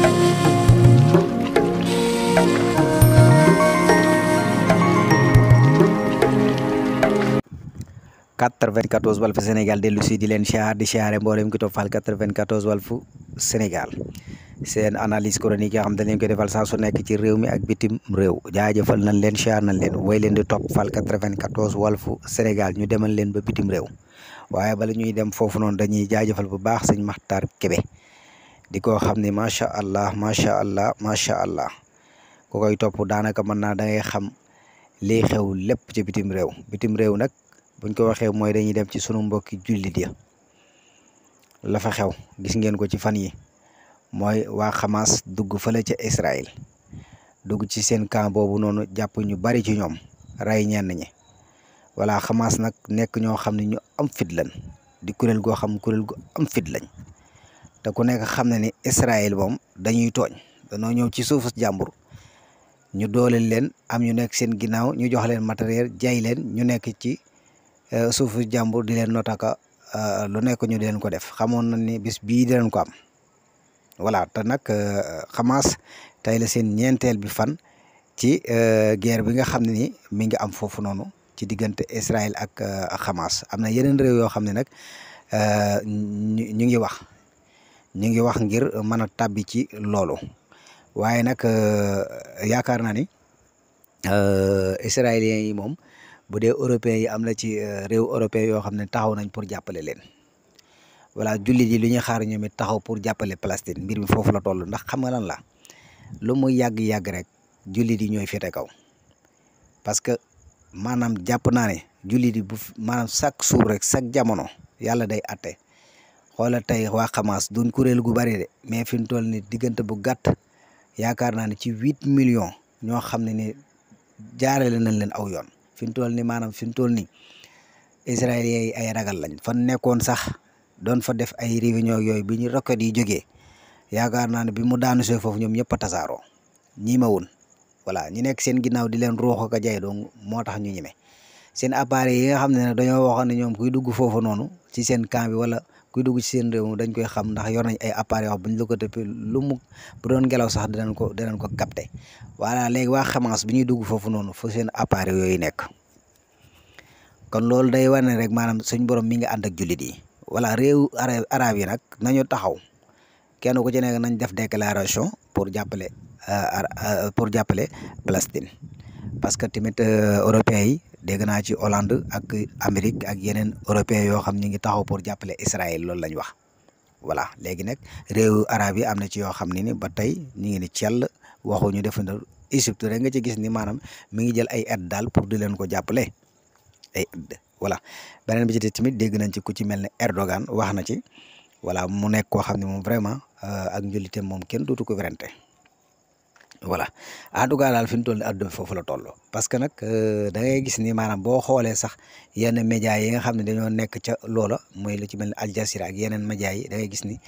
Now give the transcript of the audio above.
94 Walf Sénégal dellu si di leen siyaar di siyaare mboolem ki toppal 94 Walf Sénégal seen analyse chronique yoo xam dañ leen ko defal saa su nekk ci réew mi ak bitim réew jaajëfal nañ leen siyaar nañ leen way leen di toppal wal fu Sénégal ñu demal leen ba bitim réew waaye bala ñuy dem foofu noonu dañuy jaajëfal bu baax sëñ Maxtaar Kebe di ko xam ne macha allah macha allah macha allah ku koy topp daanaka mën naa dangay xam lii xew lépp ci bitim réew bitim réew nag buñ ko waxee mooy dañuy dem ci sunu mbokki jullit ya lafa xew gis ngeen ko ci fan yi mooy waa Hamas dugg fële ca Israël dugg ci seen camp boobu noonu jàpp ñu bari ci ñoom rey ñenn ñi voilà Hamas nag nekk ñoo xam ne ñu am fit lañ di kuréel goo xam kuréel gu am fit lañ. te ku nekk xam na ni Israël moom dañuy tooñ danoo ñëw ci suufu jàmbur ñu dooleel leen am ñu nekk seen ginnaaw ñu jox leen matériel jaay leen ñu nekk ci euh, suufu jàmbur di leen notaka euh, lu nekk ñu di leen ko def xamoon na ni bis bii di ko am voilà te nag euh, Hamas tey la seen ñeenteel bi fan ci guerre bi nga xam ne ni mi ngi am foofu noonu ci diggante Israël ak Hamas am na yeneen réew yoo xam ne nag ñu ngi wax ñu ngi wax ngir mën a tàbbi ci loolu waaye nag euh, yaakaar naa ni euh, israéliens yi moom bu dee européens yi am na ci euh, réew européen yoo xam ne taxaw nañ pour jàppale leen voilà jullit yi lu ñuy xaar ñoom it taxaw pour jàppale Palestine mbir mi foofu la toll ndax xam nga lan la lu muy yàgg-yàgg rek jullit yi ñooy féete kaw parce que maanaam jàpp naa ne jullit yi bu maanaam chaque jour rek chaque jamono yàlla day atte xoolal tey waa Hamas doon kuréel gu bari de mais fi toll ni diggante bu gàtt yaakaar naa ne ci huit million ñoo xam ne ni jaarale nañ leen aw yoon fi mu toll ni maanaam fi toll ni israéliens yi ay ragal lañ fan nekkoon sax doon fa def ay réunion yooyu bi ñu roquette yi joge yaakaar naa ne bi mu daanu see foofu ñoom ñëpp a tasaaroo ñi ma woon voilà ñi nekk seen ginnaaw di leen ruux ak a jaay donc moo tax ñu ñeme seen appareil yi nga xam ne ne dañoo waxoon ñoom kuy dugg foofu noonu kuy dugg ci seen réew dañ koy xam ndax yor nañ ay appareil wax bu ñu la ko tëppee lu mu bu doon ngelaw sax danañ ko danañ ko capter voilà léegi waa Hamas bi ñuy dugg foofu noonu fa seen appareil yooyu nekk kon loolu day wane rek maanaam suñ borom mi ngi ànd ak jullit yi voilà réew arab yi nag nañu taxaw kenn ku ci nekk nañ def déclaration pour jàppale euh, euh, pour jàppale Palestine parce que tamit euh, européens yi dégg naa ci Hollande ak Amérique ak yeneen européens yoo xam ñu ngi taxaw pour jàppale Israël loolu lañ wax voilà léegi nag réewu arab yi am na ci yoo xam ne ni ba tey ñu ngi ni cell waxu ñu defandal Égypte rek nga ci gis ni maanaam mi ngi jël ay aide daal pour di leen ko jàppale wala aide voilà beneen bi ci des tamit dégg nañ ci ku ci mel ne Erdogan wax na ci voilà mu nekk koo xam ne moom vraiment euh, ak njullitam moom kenn dootu ko werante voilà en tout cas daal fi mu toll nii foofu la toll parce que nag euh, da ngay gis ni maanaam boo xoolee sax yenn médias yi nga xam ne dañoo nekk ca loola mooy lu ci mel ne Al Jazeera ak yeneen médias yi da gis ni.